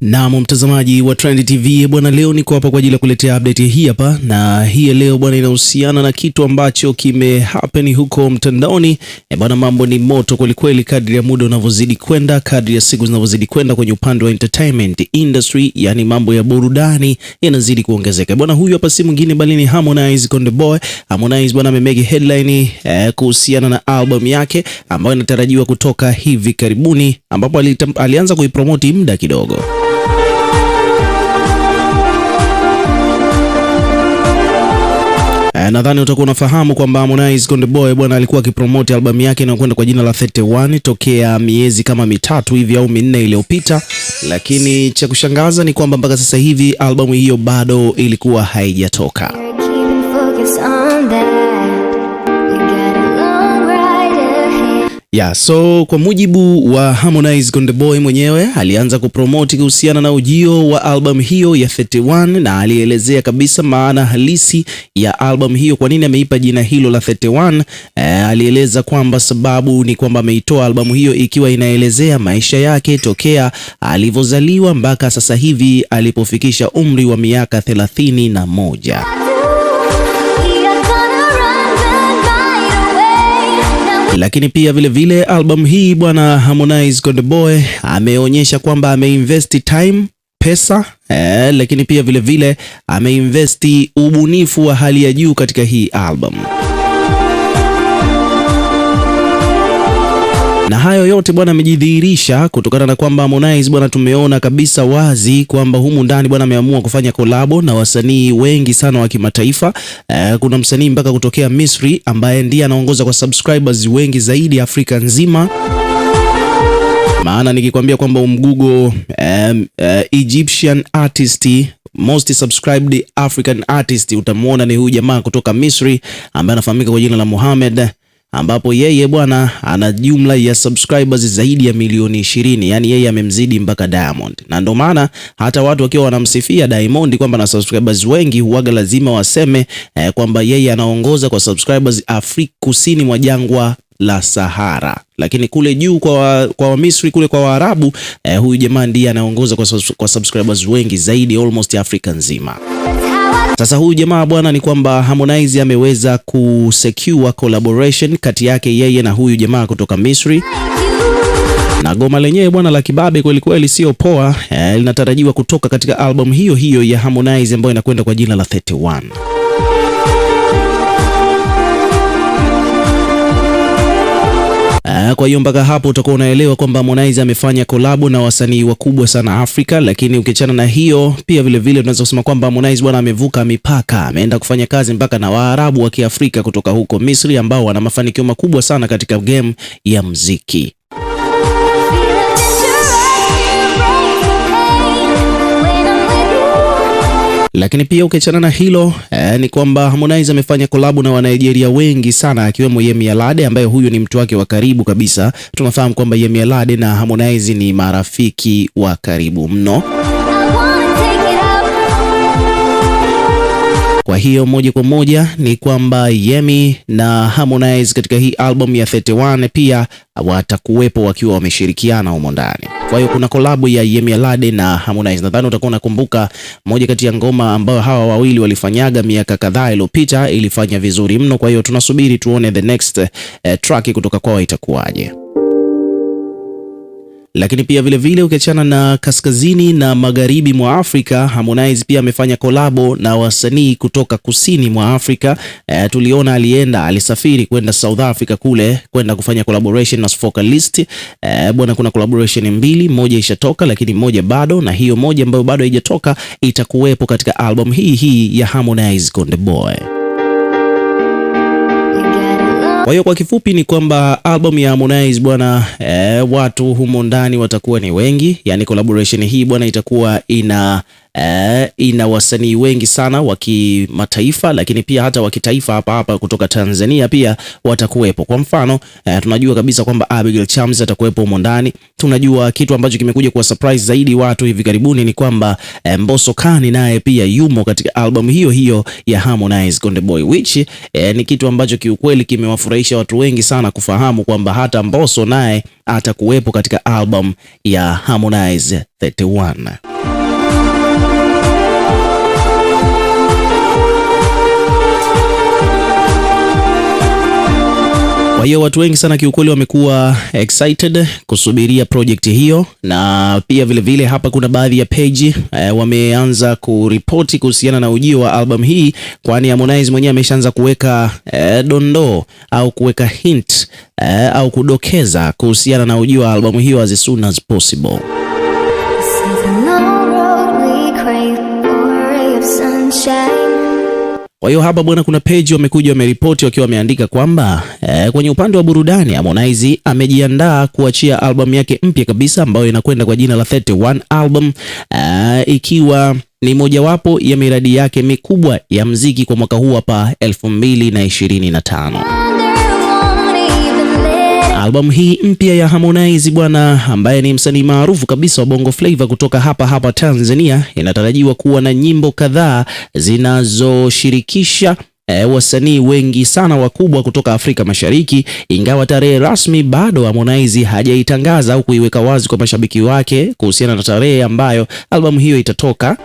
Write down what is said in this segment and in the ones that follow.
Naam, mtazamaji wa Trend TV bwana, leo niko hapa kwa ajili ya kuletea update hii hapa, na hii leo bwana inahusiana na kitu ambacho kime happen huko mtandaoni E bwana. Mambo ni moto kwelikweli, kadri ya muda unavyozidi kwenda, kadri ya siku zinavyozidi kwenda kwenye upande wa entertainment industry, yani mambo ya burudani yanazidi kuongezeka bwana. Huyu hapa si mwingine bali ni Harmonize Konde Boy. Harmonize bwana amemeki headline eh, kuhusiana na album yake ambayo inatarajiwa kutoka hivi karibuni, ambapo alianza kuipromoti muda kidogo Eh, nadhani utakuwa unafahamu kwamba Harmonize Konde Boy bwana alikuwa akipromote albamu yake inayokwenda kwa jina la 31 tokea miezi kama mitatu hivi au minne iliyopita, lakini cha kushangaza ni kwamba mpaka sasa hivi albamu hiyo bado ilikuwa haijatoka. Yeah, so kwa mujibu wa Harmonize Konde Boy mwenyewe alianza kupromoti kuhusiana na ujio wa albamu hiyo ya 31 na alielezea kabisa maana halisi ya albamu hiyo, kwa nini ameipa jina hilo la 31. Eh, alieleza kwamba sababu ni kwamba ameitoa albamu hiyo ikiwa inaelezea maisha yake tokea alivyozaliwa mpaka sasa hivi alipofikisha umri wa miaka 31. Lakini pia vile vile album hii bwana Harmonize Konde Boy ameonyesha kwamba ameinvesti time pesa eh, lakini pia vile vile ameinvesti ubunifu wa hali ya juu katika hii album Na hayo yote bwana amejidhihirisha kutokana na kwamba Harmonize bwana, tumeona kabisa wazi kwamba humu ndani bwana ameamua kufanya kolabo na wasanii wengi sana wa kimataifa. Eh, kuna msanii mpaka kutokea Misri ambaye ndiye anaongoza kwa subscribers wengi zaidi Afrika nzima maana nikikwambia kwamba umgugo um, uh, Egyptian artist most subscribed African artist utamwona ni huyu jamaa kutoka Misri ambaye anafahamika kwa jina la Mohamed ambapo yeye bwana ana jumla ya subscribers zaidi ya milioni ishirini, yani yeye amemzidi mpaka Diamond, na ndio maana hata watu wakiwa wanamsifia Diamond kwamba na subscribers wengi huaga lazima waseme eh, kwamba yeye anaongoza kwa subscribers Afrika kusini mwa jangwa la Sahara, lakini kule juu kwa kwa Wamisri kule kwa Waarabu eh, huyu jamaa ndiye anaongoza kwa, kwa subscribers wengi zaidi almost Afrika nzima. Sasa huyu jamaa bwana, ni kwamba Harmonize ameweza kusecure collaboration kati yake yeye na huyu jamaa kutoka Misri na goma lenyewe bwana la kibabe kweli kweli, sio poa. Eh, linatarajiwa kutoka katika album hiyo hiyo ya Harmonize ambayo inakwenda kwa jina la 31. Ah, kwa hiyo mpaka hapo utakuwa unaelewa kwamba Harmonize amefanya kolabo na wasanii wakubwa sana Afrika, lakini ukiachana na hiyo pia vile vile tunaweza kusema kwamba Harmonize bwana amevuka mipaka, ameenda kufanya kazi mpaka na Waarabu wa Kiafrika kutoka huko Misri ambao wana mafanikio makubwa sana katika game ya mziki. Lakini pia ukiachana na hilo eh, ni kwamba Harmonize amefanya kolabu na Wanigeria wengi sana akiwemo Yemi Alade ambaye huyu ni mtu wake wa karibu kabisa. Tunafahamu kwamba Yemi Alade na Harmonize ni marafiki wa karibu mno. Kwa hiyo moja kwa moja ni kwamba Yemi na Harmonize katika hii album ya 31 pia watakuwepo wakiwa wameshirikiana humo ndani. Kwa hiyo kuna kolabu ya Yemi Alade na Harmonize. Nadhani utakuwa unakumbuka moja kati ya ngoma ambayo hawa wawili walifanyaga miaka kadhaa iliyopita ilifanya vizuri mno. Kwa hiyo tunasubiri tuone the next uh, track kutoka kwao itakuwaje. Lakini pia vilevile ukiachana na kaskazini na magharibi mwa Afrika, Harmonize pia amefanya kolabo na wasanii kutoka kusini mwa Afrika. E, tuliona alienda alisafiri kwenda South Africa kule kwenda kufanya collaboration na Sphocalist. E, bwana, kuna collaboration mbili, moja ishatoka lakini moja bado, na hiyo moja ambayo bado haijatoka itakuwepo katika album hii hii ya Harmonize Konde Boy. Kwa hiyo kwa kifupi ni kwamba album ya Harmonize bwana e, watu humo ndani watakuwa ni wengi, yani collaboration hii bwana itakuwa ina eh, ina wasanii wengi sana wa kimataifa, lakini pia hata wa kitaifa hapa hapa kutoka Tanzania pia watakuwepo. Kwa mfano eh, tunajua kabisa kwamba Abigail Chams atakuwepo humo ndani. Tunajua kitu ambacho kimekuja kwa surprise zaidi watu hivi karibuni ni kwamba eh, Mbosso Kani naye pia yumo katika albamu hiyo hiyo ya Harmonize Konde Boy, which eh, ni kitu ambacho kiukweli kimewafurahisha watu wengi sana kufahamu kwamba hata Mbosso naye atakuwepo katika album ya Harmonize 31. Kwa hiyo watu wengi sana kiukweli wamekuwa excited kusubiria project hiyo, na pia vilevile vile hapa kuna baadhi ya page e, wameanza kuripoti kuhusiana na ujio wa album hii, kwani Harmonize mwenyewe ameshaanza kuweka e, dondoo au kuweka hint e, au kudokeza kuhusiana na ujio wa albamu hiyo as soon as possible. Kwa hiyo hapa bwana, kuna page wamekuja wameripoti wakiwa wameandika kwamba eh, kwenye upande wa burudani Harmonize amejiandaa kuachia albamu yake mpya kabisa ambayo inakwenda kwa jina la 31 album eh, ikiwa ni mojawapo ya miradi yake mikubwa ya mziki kwa mwaka huu hapa 2025 albamu hii mpya ya Harmonize bwana, ambaye ni msanii maarufu kabisa wa Bongo Flava kutoka hapa hapa Tanzania, inatarajiwa kuwa na nyimbo kadhaa zinazoshirikisha E, wasanii wengi sana wakubwa kutoka Afrika Mashariki, ingawa tarehe rasmi bado Harmonize hajaitangaza au kuiweka wazi kwa mashabiki wake kuhusiana na tarehe ambayo albamu hiyo itatoka.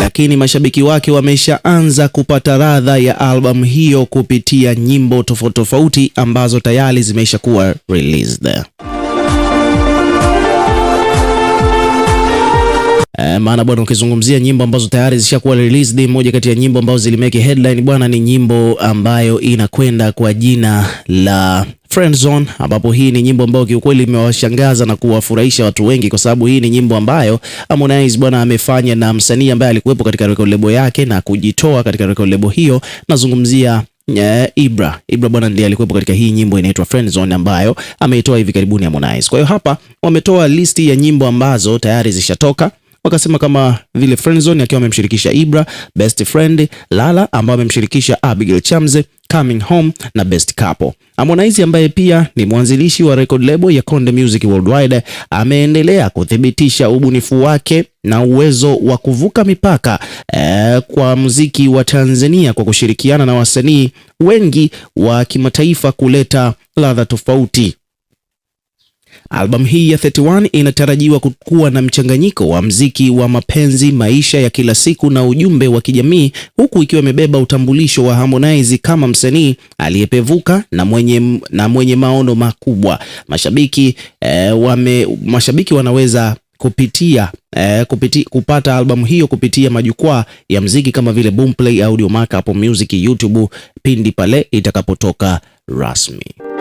lakini mashabiki wake wameshaanza kupata radha ya albamu hiyo kupitia nyimbo tofauti tofauti ambazo tayari zimeshakuwa released. Eh, maana bwana, ukizungumzia nyimbo ambazo tayari zishakuwa released, moja kati ya nyimbo ambazo zilimeke headline bwana ni nyimbo ambayo inakwenda kwa jina la Friend Zone, ambapo hii ni nyimbo ambayo kiukweli imewashangaza na kuwafurahisha watu wengi, kwa sababu hii ni nyimbo ambayo Harmonize bwana amefanya na msanii ambaye alikuwepo katika record label yake na kujitoa katika record label hiyo. Nazungumzia Yeah, Ibra Ibra bwana ndiye alikuwepo katika hii nyimbo inaitwa Friend Zone ambayo ameitoa hivi karibuni Harmonize. Kwa hiyo hapa wametoa listi ya nyimbo ambazo tayari zishatoka, wakasema kama vile Friend Zone akiwa amemshirikisha Ibra, Best Friend, Lala ambayo amemshirikisha Abigail Chamze Coming Home na Best Couple. Harmonize ambaye pia ni mwanzilishi wa record label ya Konde Music Worldwide ameendelea kuthibitisha ubunifu wake na uwezo wa kuvuka mipaka eh, kwa muziki wa Tanzania kwa kushirikiana na wasanii wengi wa kimataifa kuleta ladha tofauti Albamu hii ya 31 inatarajiwa kuwa na mchanganyiko wa mziki wa mapenzi, maisha ya kila siku na ujumbe wa kijamii, huku ikiwa imebeba utambulisho wa Harmonize kama msanii aliyepevuka na mwenye, na mwenye maono makubwa. Mashabiki, eh, wame, mashabiki wanaweza kupitia eh, kupiti, kupata albamu hiyo kupitia majukwaa ya mziki kama vile Boomplay, Audio Mark, Apple Music, YouTube pindi pale itakapotoka rasmi.